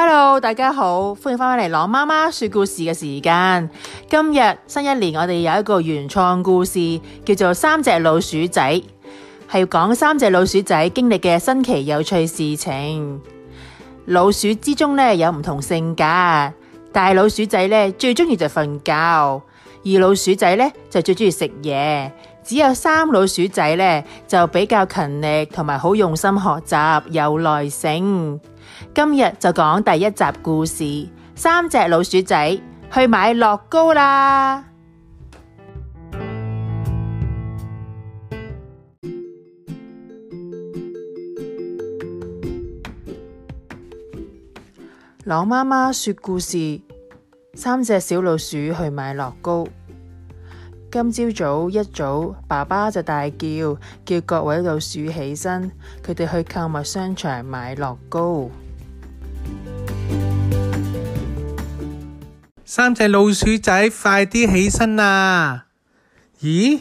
Hello，大家好，歡迎翻返嚟朗媽媽說故事嘅時間。今日新一年，我哋有一個原創故事，叫做《三隻老鼠仔》，係講三隻老鼠仔經歷嘅新奇有趣事情。老鼠之中咧，有唔同性格，大老鼠仔咧，最中意就瞓覺，二老鼠仔咧就最中意食嘢，只有三老鼠仔咧就比較勤力，同埋好用心學習，有耐性。今日就講第一集故事，三隻老鼠仔去買樂高啦。朗媽媽說故事：三隻小老鼠去買樂高。今朝早，早一早，爸爸就大叫，叫各位老鼠起身，佢哋去購物商場買樂高。三隻老鼠仔，快啲起身啦！咦，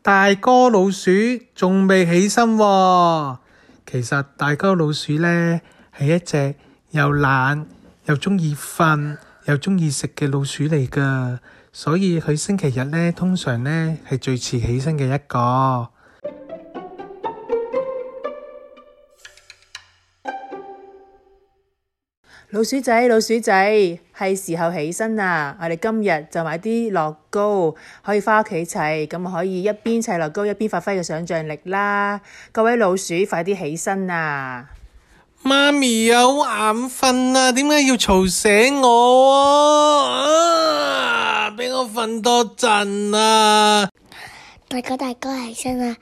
大哥老鼠仲未起身喎？其實大哥老鼠咧，係一隻又懶又鍾意瞓又鍾意食嘅老鼠嚟噶，所以佢星期日咧，通常咧係最遲起身嘅一個。老鼠仔，老鼠仔，係時候起身啦！我哋今日就買啲樂高，可以翻屋企砌，咁啊可以一邊砌樂高一邊發揮嘅想象力啦！各位老鼠，快啲起身啊！媽咪啊，好眼瞓啊，點解要吵醒我啊？啊，俾我瞓多陣啊！大哥，大哥，起身啦！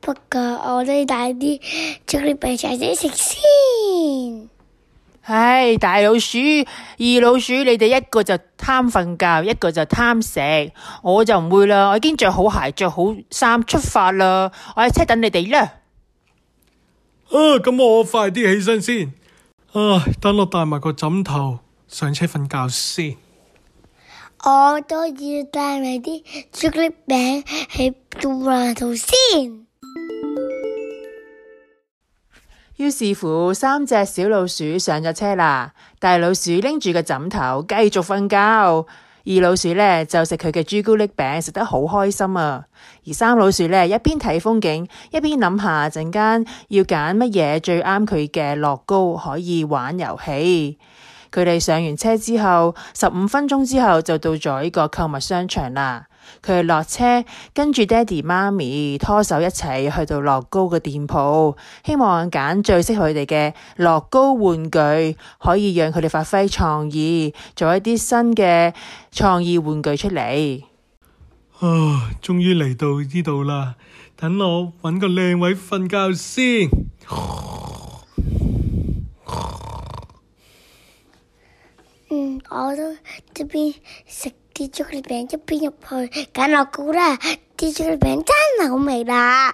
不過我都要帶啲巧克力出嚟食先。唉，大老鼠、二老鼠，你哋一個就貪瞓覺，一個就貪食，我就唔會啦。我已經着好鞋、着好衫出發啦，我喺車等你哋啦，啊。啊，咁我快啲起身先，唉，等我帶埋個枕頭上車瞓覺先。我都要帶埋啲朱古力餅喺度啦，頭先。於是乎，三隻小老鼠上咗車啦。大老鼠拎住個枕頭繼續瞓覺，二老鼠呢就食佢嘅朱古力餅，食得好開心啊。而三老鼠呢，一邊睇風景，一邊諗下陣間要揀乜嘢最啱佢嘅樂高，可以玩遊戲。佢哋上完車之後，十五分鐘之後就到咗呢個購物商場啦。佢哋落車，跟住爹哋媽咪拖手一齊去到樂高嘅店鋪，希望揀最適合佢哋嘅樂高玩具，可以讓佢哋發揮創意，做一啲新嘅創意玩具出嚟。啊，終於嚟到呢度啦！等我揾個靚位瞓覺先。我都特別啲朱古力餅一邊入去，簡落糕啦！啲朱古力餅真係好味啦。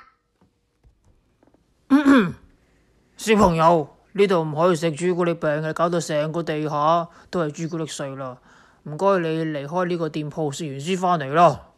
小朋友，呢度唔可以食朱古力餅嘅，搞到成個地下都係朱古力碎啦。唔該，你離開呢個店鋪，食完先返嚟啦。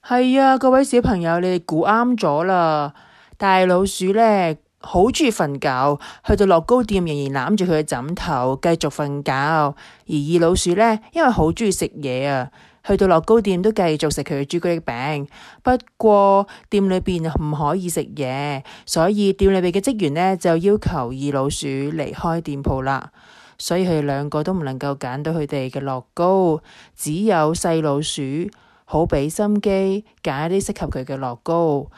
係啊，各位小朋友，你哋估啱咗啦，大老鼠咧。好鍾意瞓覺，去到樂高店仍然攬住佢嘅枕頭繼續瞓覺。而二老鼠呢，因為好鍾意食嘢啊，去到樂高店都繼續食佢嘅朱古力餅。不過店裏邊唔可以食嘢，所以店裏邊嘅職員呢，就要求二老鼠離開店鋪啦。所以佢哋兩個都唔能夠揀到佢哋嘅樂高，只有細老鼠好俾心機揀一啲適合佢嘅樂高。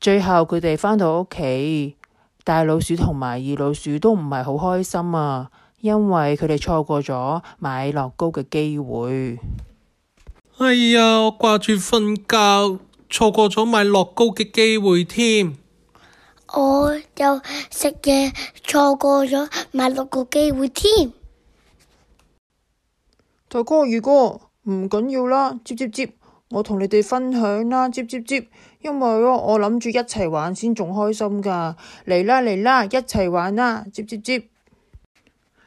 最後佢哋返到屋企。大老鼠同埋二老鼠都唔係好開心啊，因為佢哋錯過咗買樂高嘅機會。哎呀，我掛住瞓覺，錯過咗買樂高嘅機會添。我就食嘢，錯過咗買樂高機會添。大哥二哥，唔緊要啦，接接接。我同你哋分享啦，接接接，因為我諗住一齊玩先仲開心㗎。嚟啦嚟啦，一齊玩啦，接接接。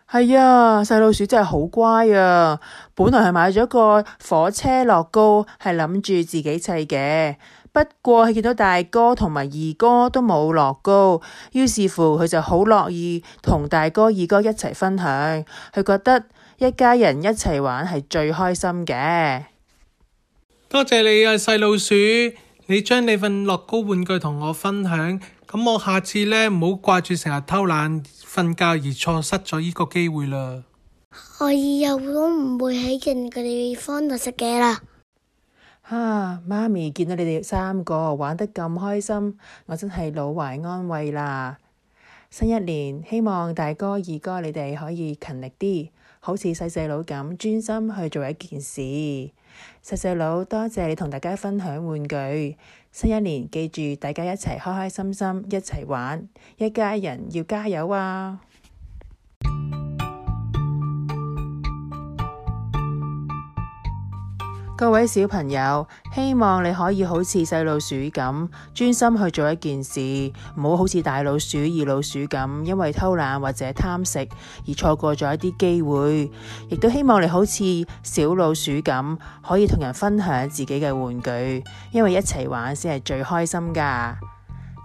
係啊、哎，細老鼠真係好乖啊。本來係買咗個火車樂高，係諗住自己砌嘅。不過佢見到大哥同埋二哥都冇樂高，於是乎佢就好樂意同大哥二哥一齊分享。佢覺得一家人一齊玩係最開心嘅。多謝你啊，細老鼠！你將你份樂高玩具同我分享，咁我下次呢，唔好掛住成日偷懶瞓覺而錯失咗呢個機會啦。我以後啊，都唔會喺人哋嘅地方度食嘢啦。啊，媽咪見到你哋三個玩得咁開心，我真係老懷安慰啦。新一年，希望大哥、二哥你哋可以勤力啲，好似細細佬咁專心去做一件事。細細佬，多謝你同大家分享玩具。新一年，記住大家一齊開開心心一齊玩，一家人要加油啊！各位小朋友，希望你可以好似細老鼠咁專心去做一件事，唔好好似大老鼠、二老鼠咁，因為偷懶或者貪食而錯過咗一啲機會。亦都希望你好似小老鼠咁，可以同人分享自己嘅玩具，因為一齊玩先係最開心㗎。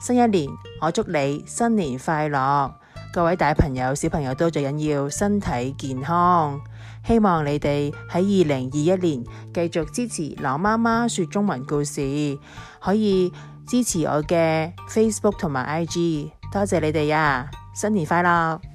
新一年，我祝你新年快樂！各位大朋友、小朋友都最緊要身體健康。希望你哋喺二零二一年繼續支持老媽媽說中文故事，可以支持我嘅 Facebook 同埋 IG，多謝你哋呀！新年快樂！